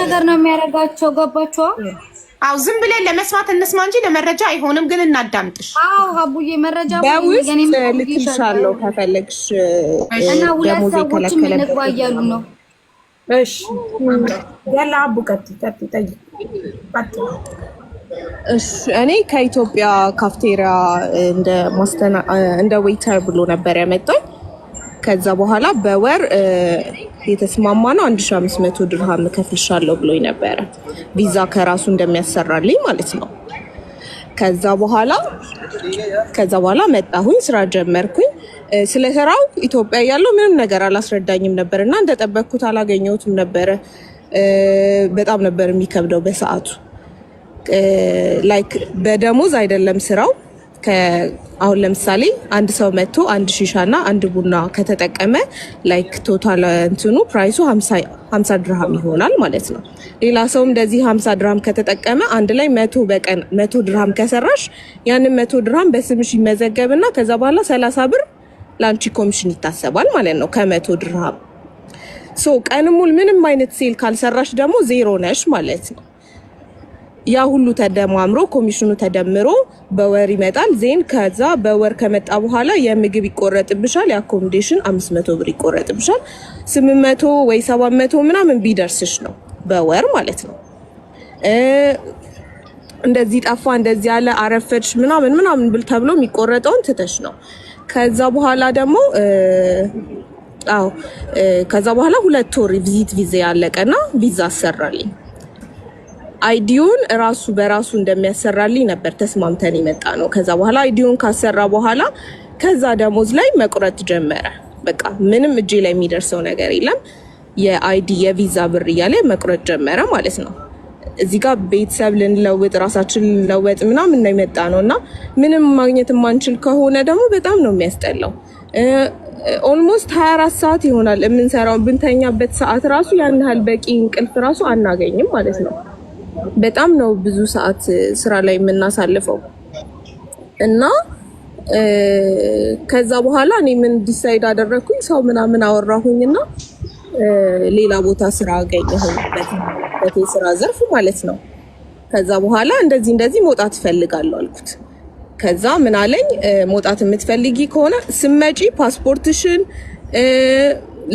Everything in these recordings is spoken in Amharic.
ነገር ነው የሚያደርጋቸው። ገባቸው። አው ዝም ብለን ለመስማት እንስማ እንጂ ለመረጃ አይሆንም። ግን እናዳምጥሽ። አው አቡዬ መረጃ ልትልሻለሁ ከፈለግሽ እና ሁለት ሰዎች ምን እያሉ ነው። እሺ ያለ አቡ ቀጥ ቀጥ ጠይ እኔ ከኢትዮጵያ ካፍቴሪያ እንደ ማስተና እንደ ዌይተር ብሎ ነበር ያመጣኝ። ከዛ በኋላ በወር የተስማማ ነው። አንድ ሺ አምስት መቶ ድርሃም እከፍልሻለሁ ብሎኝ ነበረ ቪዛ ከራሱ እንደሚያሰራልኝ ማለት ነው። ከዛ በኋላ ከዛ በኋላ መጣሁኝ፣ ስራ ጀመርኩኝ። ስለ ስራው ኢትዮጵያ ያለው ምንም ነገር አላስረዳኝም ነበር እና እንደጠበቅኩት አላገኘሁትም ነበረ። በጣም ነበር የሚከብደው በሰዓቱ ላይክ በደሞዝ አይደለም ስራው አሁን ለምሳሌ አንድ ሰው መጥቶ አንድ ሺሻ እና አንድ ቡና ከተጠቀመ ላይክ ቶታል እንትኑ ፕራይሱ ሀምሳ ድርሃም ይሆናል ማለት ነው። ሌላ ሰውም እንደዚህ ሀምሳ ድርሃም ከተጠቀመ አንድ ላይ መቶ በቀን መቶ ድርሃም ከሰራሽ ያንን መቶ ድርሃም በስምሽ ይመዘገብ እና ከዛ በኋላ ሰላሳ ብር ለአንቺ ኮሚሽን ይታሰባል ማለት ነው ከመቶ ድርሃም። ሶ ቀን ሙሉ ምንም አይነት ሴል ካልሰራሽ ደግሞ ዜሮ ነሽ ማለት ነው። ያ ሁሉ ተደማምሮ ኮሚሽኑ ተደምሮ በወር ይመጣል። ዜን ከዛ በወር ከመጣ በኋላ የምግብ ይቆረጥብሻል፣ የአኮሞዴሽን 500 ብር ይቆረጥብሻል። 800 ወይ 700 ምናምን ቢደርስሽ ነው በወር ማለት ነው። እንደዚህ ጠፋ፣ እንደዚህ ያለ አረፈች ምናምን ምናምን ብል ተብሎ የሚቆረጠውን ትተሽ ነው። ከዛ በኋላ ደግሞ አዎ ከዛ በኋላ ሁለት ወር ቪዚት ቪዛ ያለቀና ቪዛ አሰራልኝ አይዲዮን ራሱ በራሱ እንደሚያሰራልኝ ነበር ተስማምተን የመጣ ነው። ከዛ በኋላ አይዲዮን ካሰራ በኋላ ከዛ ደሞዝ ላይ መቁረጥ ጀመረ። በቃ ምንም እጄ ላይ የሚደርሰው ነገር የለም። የአይዲ የቪዛ ብር እያለ መቁረጥ ጀመረ ማለት ነው። እዚህ ጋር ቤተሰብ ልንለውጥ ራሳችን ልንለውጥ ምናምን ነው የመጣ ነው እና ምንም ማግኘት የማንችል ከሆነ ደግሞ በጣም ነው የሚያስጠላው። ኦልሞስት 24 ሰዓት ይሆናል የምንሰራው። ብንተኛበት ሰዓት ራሱ ያን ያህል በቂ እንቅልፍ ራሱ አናገኝም ማለት ነው። በጣም ነው ብዙ ሰዓት ስራ ላይ የምናሳልፈው እና ከዛ በኋላ እኔ ምን ዲሳይድ አደረግኩኝ ሰው ምናምን አወራሁኝና ሌላ ቦታ ስራ አገኘሁኝ ስራ ዘርፍ ማለት ነው። ከዛ በኋላ እንደዚህ እንደዚህ መውጣት እፈልጋለሁ አልኩት። ከዛ ምን አለኝ መውጣት የምትፈልጊ ከሆነ ስመጪ ፓስፖርትሽን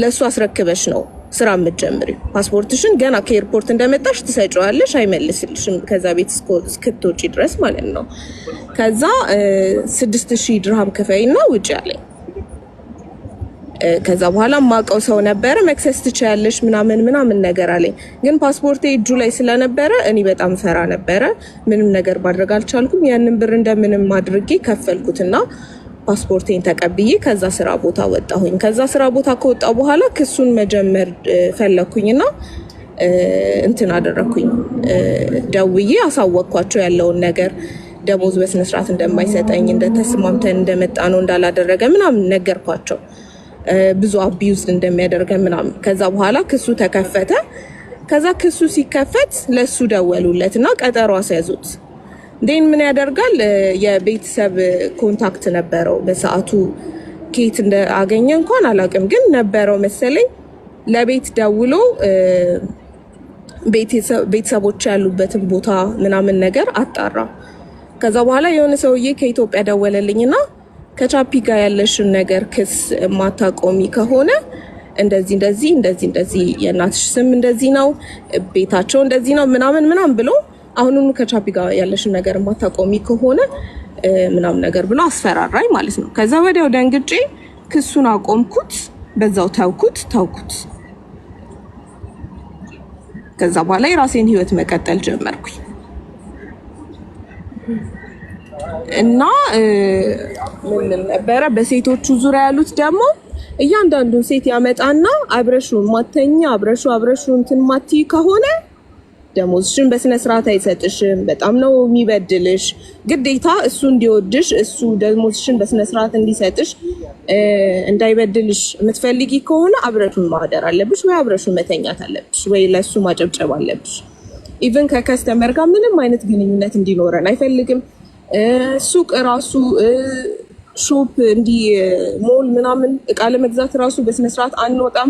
ለእሱ አስረክበሽ ነው ስራ የምትጀምሪ ፓስፖርትሽን ገና ከኤርፖርት እንደመጣሽ ትሰጪዋለሽ፣ አይመልስልሽም ከዛ ቤት እስክትወጪ ድረስ ማለት ነው። ከዛ ስድስት ሺህ ድርሃም ክፈይና ውጭ አለኝ። ከዛ በኋላ ማቀው ሰው ነበረ መክሰስ ትችያለሽ ምናምን ምናምን ነገር አለኝ። ግን ፓስፖርቴ እጁ ላይ ስለነበረ እኔ በጣም ፈራ ነበረ። ምንም ነገር ማድረግ አልቻልኩም። ያንን ብር እንደምንም አድርጌ ከፈልኩትና ፓስፖርቴን ተቀብዬ ከዛ ስራ ቦታ ወጣሁኝ። ከዛ ስራ ቦታ ከወጣ በኋላ ክሱን መጀመር ፈለግኩኝና እንትን አደረግኩኝ። ደውዬ አሳወቅኳቸው ያለውን ነገር ደሞዝ በስነስርዓት እንደማይሰጠኝ እንደተስማምተን እንደመጣ ነው እንዳላደረገ ምናምን ነገርኳቸው። ብዙ አቢዩዝ እንደሚያደርገ ምናምን። ከዛ በኋላ ክሱ ተከፈተ። ከዛ ክሱ ሲከፈት ለሱ ደወሉለት እና ቀጠሮ አስያዙት። ዴን ምን ያደርጋል? የቤተሰብ ኮንታክት ነበረው በሰዓቱ። ኬት እንደአገኘ እንኳን አላውቅም፣ ግን ነበረው መሰለኝ። ለቤት ደውሎ ቤተሰቦች ያሉበትን ቦታ ምናምን ነገር አጣራ። ከዛ በኋላ የሆነ ሰውዬ ከኢትዮጵያ ደወለልኝና ከቻፒ ጋር ያለሽን ነገር ክስ ማታቆሚ ከሆነ እንደዚህ እንደዚህ እንደዚህ እንደዚህ የእናትሽ ስም እንደዚህ ነው፣ ቤታቸው እንደዚህ ነው ምናምን ምናምን ብሎ አሁኑኑ ከቻፒ ጋር ያለሽን ነገር ማታቆሚ ከሆነ ምናምን ነገር ብሎ አስፈራራኝ ማለት ነው። ከዛ ወዲያው ደንግጬ ክሱን አቆምኩት፣ በዛው ተውኩት ተውኩት። ከዛ በኋላ የራሴን ህይወት መቀጠል ጀመርኩኝ እና ምን ነበረ በሴቶቹ ዙሪያ ያሉት ደግሞ እያንዳንዱን ሴት ያመጣና አብረሹ ማተኛ አብረሹ አብረሹ እንትን ማቲ ከሆነ ደሞዝሽን በስነ ስርዓት አይሰጥሽም። በጣም ነው የሚበድልሽ። ግዴታ እሱ እንዲወድሽ እሱ ደሞዝሽን በስነ ስርዓት እንዲሰጥሽ እንዳይበድልሽ የምትፈልጊ ከሆነ አብረሹን ማደር አለብሽ፣ ወይ አብረሹን መተኛት አለብሽ፣ ወይ ለእሱ ማጨብጨብ አለብሽ። ኢቨን ከከስተመር ጋር ምንም አይነት ግንኙነት እንዲኖረን አይፈልግም። ሱቅ ራሱ ሾፕ እንዲህ ሞል ምናምን እቃ ለመግዛት ራሱ በስነስርዓት አንወጣም።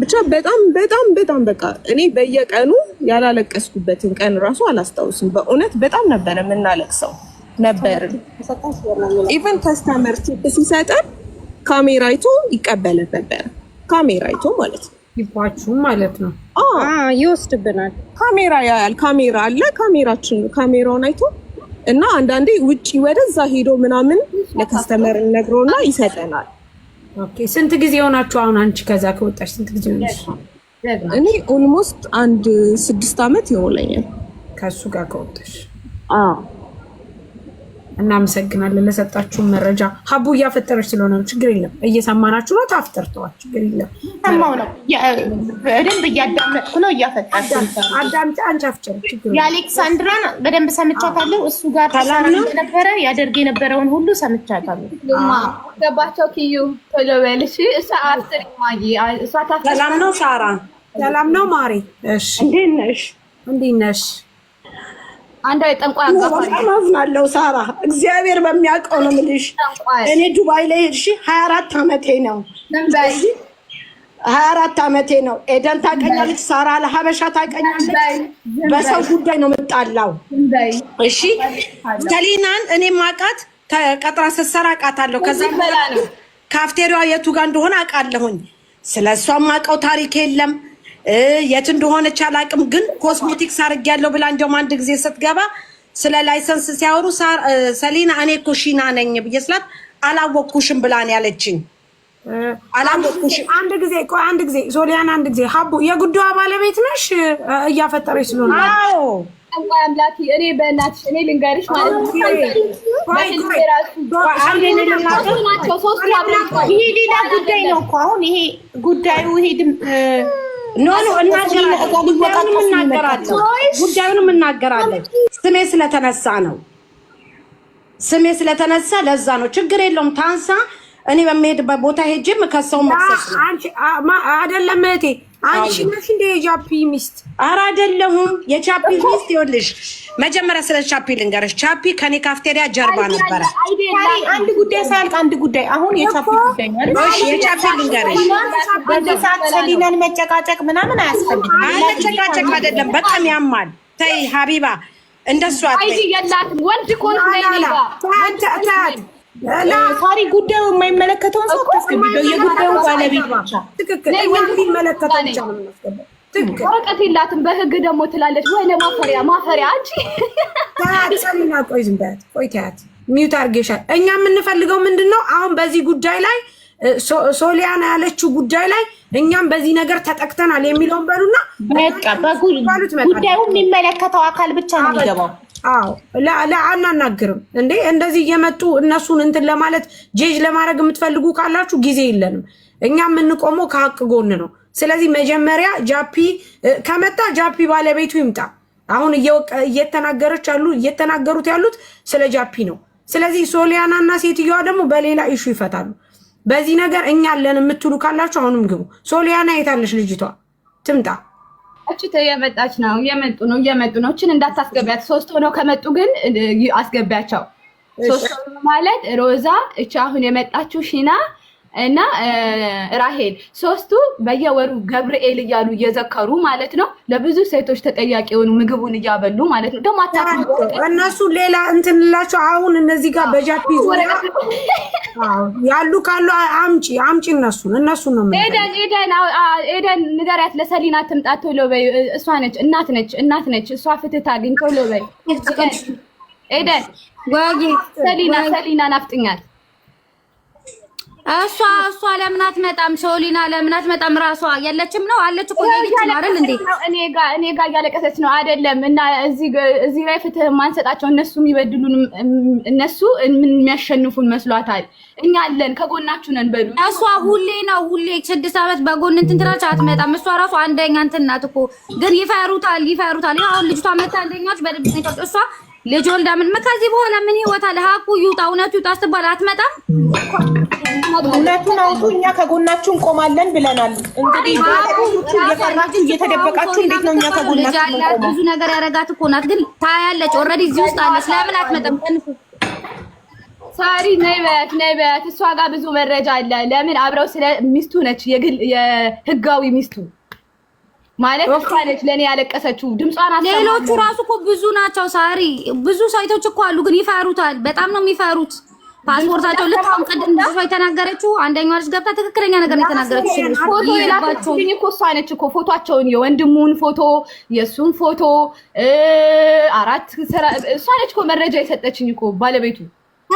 ብቻ በጣም በጣም በጣም በቃ እኔ በየቀኑ ያላለቀስኩበትን ቀን እራሱ አላስታውስም። በእውነት በጣም ነበረ የምናለቅሰው ነበር። ኢቨን ከስተመር ቲፕ ሲሰጠን ካሜራ አይቶ ይቀበለን ነበር። ካሜራ አይቶ ማለት ነው ይባችሁ ማለት ነው ይወስድብናል። ካሜራ ያያል። ካሜራ አለ። ካሜራችን ካሜራውን አይቶ እና አንዳንዴ ውጪ ወደዛ ሄዶ ምናምን ለከስተመር ነግሮና ይሰጠናል። ኦኬ ስንት ጊዜ ሆናችሁ አሁን አንቺ ከዛ ከወጣሽ ስንት ጊዜ ሆነሽ? እኔ ኦልሞስት አንድ ስድስት አመት ይሞላኛል? ከሱ ጋር ከወጣሽ። አዎ እናመሰግናለን ለሰጣችሁን መረጃ። ሀቡ እያፈጠረች ስለሆነ ነው፣ ችግር የለም። እየሰማናችሁ ነው። ታፍጠርተዋል፣ ችግር የለም። ሰማው ነው በደንብ እያዳመጥኩ ነው። እያፈጠርኩ አዳምጪ፣ አንቺ አፍጭር። የአሌክሳንድራን በደንብ ሰምቻታለሁ። እሱ ጋር ነበረ ያደርግ የነበረውን ሁሉ ሰምቻታለሁ። ገባቸው ክዩ ቶሎ በል እሺ። እሷ አፍጥር ማጊ። ሰላም ነው ሳራ፣ ሰላም ነው ማሪ። እሺ፣ እንዴት ነሽ? እንዴት ነሽ? አንድ አይ ጠንቋይ አጋፋ በጣም አዝናለሁ ሳራ፣ እግዚአብሔር በሚያውቀው ነው የምልሽ። እኔ ዱባይ ላይ ሄድሽ 24 ዓመቴ ነው። ሀያ አራት ዓመቴ ነው። ኤደን ታቀኛለች፣ ሳራ ለሀበሻ ታቀኛለች። በሰው ጉዳይ ነው የምጣላው። እሺ ተሊናን እኔ ማቃት ተቀጥራ ስትሰራ አውቃታለሁ። ከዛ ካፍቴሪያ የቱ ጋር እንደሆነ አውቃለሁኝ። ስለ እሷ ማውቀው ታሪክ የለም የት እንደሆነች አላውቅም፣ ግን ኮስሞቲክስ አድርጌያለሁ ብላ እንደውም አንድ ጊዜ ስትገባ ስለ ላይሰንስ ሲያወሩ ሰሊና እኔ እኮ ነኝ ብዬ ስላት አላወቅኩሽም ብላን ያለችኝ። አላወቅኩሽም። አንድ ጊዜ ቆይ፣ አንድ ጊዜ ሶሊያን፣ አንድ ጊዜ ሀቡ፣ የጉዳዩ ባለቤት ነሽ? እያፈጠረች ስለሆነ አዎ እኔ በእናትሽ እኔ ልንገርሽ ማለት ነው። ይሄ ሌላ ጉዳይ ነው እኮ አሁን ይሄ ጉዳዩ ይሄ ኖ ኖ እናገራለን፣ እናገራለን። ስሜ ስለተነሳ ነው። ስሜ ስለተነሳ ለዛ ነው። ችግር የለውም። ታንሳ እኔ በሚሄድበት ቦታ ሄጅም ከሰው መክሰስ ነው አይደለም እህቴ አንቺ ነሽ እንደ የቻፒ ሚስት? ኧረ አይደለሁም። የቻፒ ሚስት ይኸውልሽ፣ መጀመሪያ ስለ ቻፒ ልንገርሽ። ቻፒ ከኔ ካፍቴሪያ ጀርባ ነበረ። አንድ ጉዳይ ሳያልቅ አንድ ጉዳይ አሁን የቻፒ ጉዳይ የቻፒ ልንገርሽ፣ በዚህ ሰዓት ሰሊናን መጨቃጨቅ ምናምን አያስፈልግም። መጨቃጨቅ አይደለም፣ በጣም ያማል። ተይ ሀቢባ እንደሷ አትይ። ወንድ ኮንት ነይ ሳሪ ጉዳዩ የማይመለከተውን ሰው አታስገቢ። የጉዳዩ ባለቤት ወረቀት የላትም በህግ ደግሞ ትላለች ወይ ለማፈሪያ ማፈሪያ አንቺ ሰሪና ቆይ ዝም በያት ቆይ ተያት ሚዩት አድርጌሻል እኛ የምንፈልገው ምንድን ነው አሁን በዚህ ጉዳይ ላይ ሶሊያና ያለችው ጉዳይ ላይ እኛም በዚህ ነገር ተጠቅተናል የሚለውን በሉና በቃ ጉዳዩ የሚመለከተው አካል ብቻ ነው የሚገባው አዎ አናናግርም እንዴ! እንደዚህ እየመጡ እነሱን እንትን ለማለት ጄጅ ለማድረግ የምትፈልጉ ካላችሁ ጊዜ የለንም። እኛ የምንቆመው ከሀቅ ጎን ነው። ስለዚህ መጀመሪያ ጃፒ ከመጣ ጃፒ ባለቤቱ ይምጣ። አሁን እየተናገረች ያሉ እየተናገሩት ያሉት ስለ ጃፒ ነው። ስለዚህ ሶሊያና እና ሴትዮዋ ደግሞ በሌላ ኢሹ ይፈታሉ። በዚህ ነገር እኛ አለን የምትሉ ካላችሁ አሁንም ግቡ። ሶሊያና የታለች ልጅቷ? ትምጣ። እች የመጣች ነው የመጡ ነው የመጡ ነው። እችን እንዳታስገቢያት። ሶስት ሆነው ከመጡ ግን አስገቢያቸው። ሶስት ማለት ሮዛ፣ እች አሁን የመጣችው ሺና እና ራሄል ሶስቱ በየወሩ ገብርኤል እያሉ እየዘከሩ ማለት ነው። ለብዙ ሴቶች ተጠያቂ የሆኑ ምግቡን እያበሉ ማለት ነው። ደግሞ አታ እነሱ ሌላ እንትንላቸው አሁን እነዚህ ጋር በጃፒ ያሉ ካሉ አምጪ አምጪ፣ እነሱን እነሱን ነው ኤደን ኤደን ኤደን ንገሪያት፣ ለሰሊና ትምጣ ቶሎ በይ። እሷ ነች እናት ነች እናት ነች እሷ ፍትህ ታግኝ ቶሎ በይ ኤደን። ሰሊና ሰሊና ናፍጥኛል እሷ እሷ ለምን አትመጣም? ሾሊና ለምን አትመጣም? ራሷ ያለችም ነው አለች እኮ ያለች ነው እንዴ? እኔ ጋ እኔ ጋ እያለቀሰች ነው አይደለም? እና እዚህ እዚህ ላይ ፍትህ ማንሰጣቸው እነሱ የሚበድሉን እነሱ የሚያሸንፉን መስሏታል። እኛ አለን ከጎናችሁ ነን በሉ። እሷ ሁሌ ነው ሁሌ ስድስት ዓመት በጎን እንትን ትላለች፣ አትመጣም። እሷ ራሷ አንደኛ እንትን ናት እኮ ግን ይፈሩታል፣ ይፈሩታል። ይሄ አሁን ልጅቷ መታ አንደኛች በድብቅ ነው እሷ ልጆ ወልዳ ምን ከዚህ በኋላ ምን ህይወት አለ? ሀቁ ይውጣ፣ እውነቱ ይውጣ ስትባል አትመጣም። እውነቱን አውጡ፣ እኛ ከጎናችሁ እንቆማለን ብለናል። እንግዲህ እየተደበቃችሁ እንዴት ነው እኛ ከጎናችሁ እንቆማለን? ብዙ ነገር እኮ ናት፣ ግን ታያለች። ኦልሬዲ እዚህ ውስጥ አለች። ለምን አትመጣም? ሳሪ ነይ በያት፣ ነይ በያት። እሷ ጋር ብዙ መረጃ አለ። ለምን አብረው ስለ ሚስቱ ነች፣ የግል የህጋዊ ሚስቱ ማለት ነች ለእኔ ያለቀሰችው ድምጿን። ሌሎቹ ራሱ እኮ ብዙ ናቸው ሳሪ፣ ብዙ ሳይቶች እኮ አሉ፣ ግን ይፈሩታል። በጣም ነው የሚፈሩት ፓስፖርታቸው ልክ አሁን ቅድም ብዙ የተናገረችው አንደኛዋ ልጅ ገብታ ትክክለኛ ነገር ነው የተናገረችው። ፎቶ የላከችልኝ እኮ እሷ ነች እኮ ፎቶቸውን፣ የወንድሙን ፎቶ፣ የእሱን ፎቶ አራት እሷ ነች እኮ መረጃ የሰጠችኝ እኮ ባለቤቱ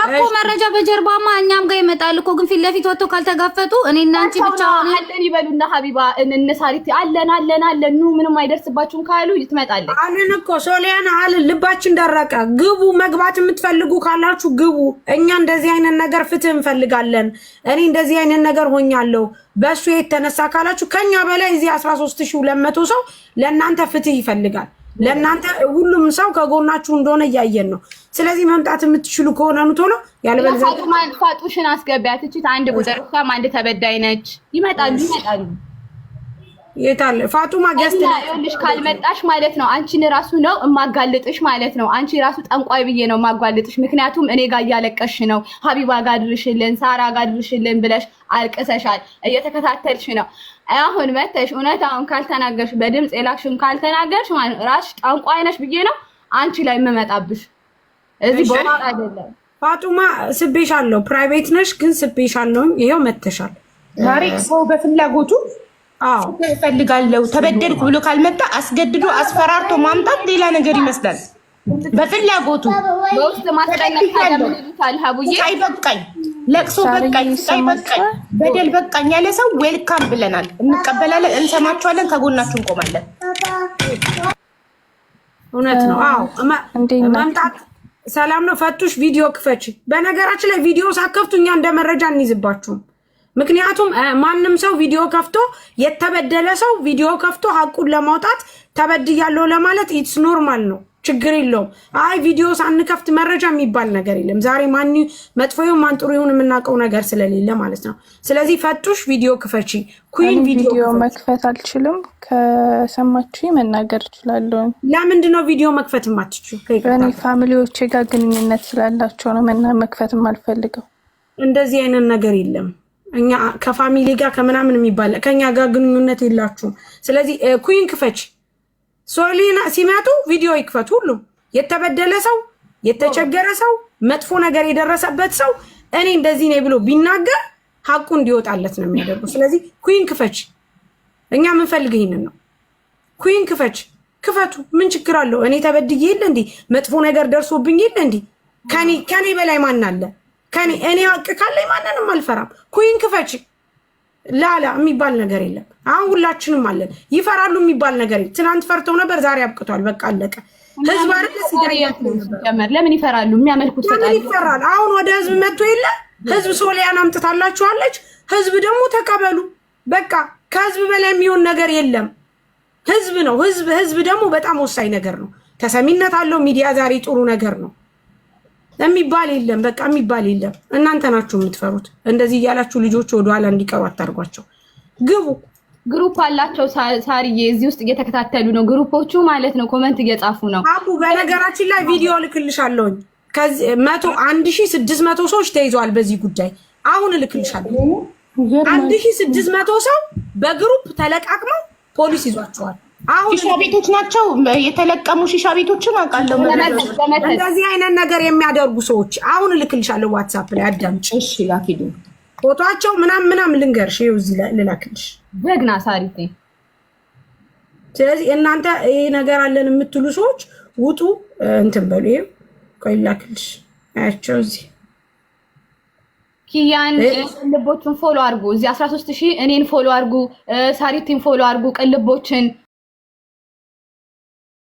እኮ መረጃ በጀርባማ እኛም ጋር ይመጣል እኮ ግን ፊት ለፊት ወጥቶ ካልተጋፈጡ እኔ እና አንቺ ብቻ አለን ይበሉና ሀቢባ እንነሳሪት አለን አለን አለን ኑ ምንም አይደርስባችሁም ካሉ ትመጣለች። አለን እኮ ሶሊያና አለን ልባችን ደረቀ። ግቡ መግባት የምትፈልጉ ካላችሁ ግቡ። እኛ እንደዚህ አይነት ነገር ፍትህ እንፈልጋለን። እኔ እንደዚህ አይነት ነገር ሆኛለሁ በእሱ የተነሳ ካላችሁ ከኛ በላይ እዚህ አስራ ሶስት ሺህ ሁለት መቶ ሰው ለእናንተ ፍትህ ይፈልጋል። ለእናንተ ሁሉም ሰው ከጎናችሁ እንደሆነ እያየን ነው። ስለዚህ መምጣት የምትችሉ ከሆነ ኑ ቶሎ። ያለበለዚያ ፋጡሽን አስገቢያት። አንድ ቁጥር እሷም አንድ ተበዳይ ነች። ይመጣሉ ይመጣሉ። የታለ ፋጡማ ገስት ይኸውልሽ፣ ካልመጣሽ ማለት ነው አንቺን ራሱ ነው እማጋልጥሽ ማለት ነው። አንቺ ራሱ ጠንቋይ ብዬ ነው ማጋልጥሽ። ምክንያቱም እኔ ጋር እያለቀሽ ነው። ሀቢባ ጋር ድርሽልን፣ ሳራ ጋር ድርሽልን ብለሽ አልቅሰሻል። እየተከታተልሽ ነው። አሁን መተሽ እውነት አሁን ካልተናገርሽ፣ በድምፅ የላክሽን ካልተናገርሽ ማለት ራስሽ ጠንቋይ ነሽ ብዬ ነው አንቺ ላይ የምመጣብሽ። እዚህ ቦታ አይደለም ፋጡማ። ስቤሻለሁ። ፕራይቬት ነሽ ግን ስቤሻለሁ። ይሄው መተሻል። ዛሬ ሰው በፍላጎቱ እፈልጋለሁ ተበደልኩ ብሎ ካልመጣ አስገድዶ አስፈራርቶ ማምጣት ሌላ ነገር ይመስላል። በፍላጎቱ በውስጥ በቃኝ፣ ለቅሶ በቃኝ፣ ስቃይ በቃኝ፣ በደል በቃኝ ያለ ሰው ዌልካም ብለናል፣ እንቀበላለን፣ እንሰማቸዋለን፣ ከጎናችሁ እንቆማለን። እውነት ነው። መምጣት ሰላም ነው። ፈቱሽ ቪዲዮ ክፈች። በነገራችን ላይ ቪዲዮ ሳከፍቱ እኛ እንደ መረጃ እንይዝባችሁም ምክንያቱም ማንም ሰው ቪዲዮ ከፍቶ የተበደለ ሰው ቪዲዮ ከፍቶ ሀቁን ለማውጣት ተበድያለሁ ለማለት ኢትስ ኖርማል ነው፣ ችግር የለውም። አይ ቪዲዮ ሳንከፍት መረጃ የሚባል ነገር የለም። ዛሬ ማን መጥፎ ይሁን ማን ጥሩ ይሁን የምናውቀው ነገር ስለሌለ ማለት ነው። ስለዚህ ፈቱሽ ቪዲዮ ክፈቺ። ኩን ቪዲዮ መክፈት አልችልም፣ ከሰማችሁ መናገር እችላለሁ። ለምንድን ነው ቪዲዮ መክፈት የማትችው? እኔ ፋሚሊዎቼ ጋር ግንኙነት ስላላቸው ነው መና መክፈት አልፈልገው። እንደዚህ አይነት ነገር የለም። እኛ ከፋሚሊ ጋር ከምናምን የሚባል ከኛ ጋር ግንኙነት የላችሁም። ስለዚህ ኩይን ክፈች ሶሊና ሲመጡ ቪዲዮ ይክፈት። ሁሉም የተበደለ ሰው፣ የተቸገረ ሰው፣ መጥፎ ነገር የደረሰበት ሰው እኔ እንደዚህ ነኝ ብሎ ቢናገር ሀቁ እንዲወጣለት ነው የሚያደርጉ። ስለዚህ ኩይን ክፈች። እኛ ምንፈልግ ይህንን ነው። ኩይን ክፈች፣ ክፈቱ። ምን ችግር አለው? እኔ ተበድዬ የለ እንዲህ መጥፎ ነገር ደርሶብኝ የለ እንዲህ ከኔ በላይ ማን አለ? ከኔ እኔ ሀቅ ካለኝ ማንንም አልፈራም። ኩይን ክፈች ላላ የሚባል ነገር የለም። አሁን ሁላችንም አለን። ይፈራሉ የሚባል ነገር ትናንት ፈርተው ነበር፣ ዛሬ አብቅቷል። በቃ አለቀ። ህዝብ ለምን ይፈራሉ? የሚያመልኩት ለምን ይፈራል? አሁን ወደ ህዝብ መጥቶ የለ ህዝብ ሶሊያን አምጥታላችኋለች። ህዝብ ደግሞ ተቀበሉ። በቃ ከህዝብ በላይ የሚሆን ነገር የለም። ህዝብ ነው ህዝብ። ህዝብ ደግሞ በጣም ወሳኝ ነገር ነው። ተሰሚነት አለው። ሚዲያ ዛሬ ጥሩ ነገር ነው። የሚባል የለም። በቃ የሚባል የለም። እናንተ ናችሁ የምትፈሩት። እንደዚህ እያላችሁ ልጆች ወደኋላ እንዲቀሩ አታርጓቸው። ግቡ ግሩፕ አላቸው። ሳርዬ እዚህ ውስጥ እየተከታተሉ ነው። ግሩፖቹ ማለት ነው ኮመንት እየጻፉ ነው። አቡ በነገራችን ላይ ቪዲዮ እልክልሻለሁኝ። ከዚህ መቶ አንድ ሺህ ስድስት መቶ ሰዎች ተይዘዋል በዚህ ጉዳይ። አሁን እልክልሻለሁ። አንድ ሺህ ስድስት መቶ ሰው በግሩፕ ተለቃቅመው ፖሊስ ይዟቸዋል። ሺሻ ቤቶች ናቸው የተለቀሙ ሺሻ ቤቶችን አውቃለሁ። እንደዚህ አይነት ነገር የሚያደርጉ ሰዎች አሁን እልክልሻለሁ፣ ዋትሳፕ ላይ አዳምጪ ፎቷቸው ምናም ምናምን ልንገርሽ፣ ይኸው እዚህ ልላክልሽ። ደግና ሳሪቴ። ስለዚህ እናንተ ይሄ ነገር አለን የምትሉ ሰዎች ውጡ፣ እንትን በሉ። ይኸው ቆይ ልላክልሽ፣ አያቸው እዚህ ኪያን ቅልቦችን ፎሎ አርጉ። እዚህ አስራ ሺህ እኔን ፎሎ አርጉ፣ ሳሪቴን ፎሎ አርጉ፣ ቅልቦችን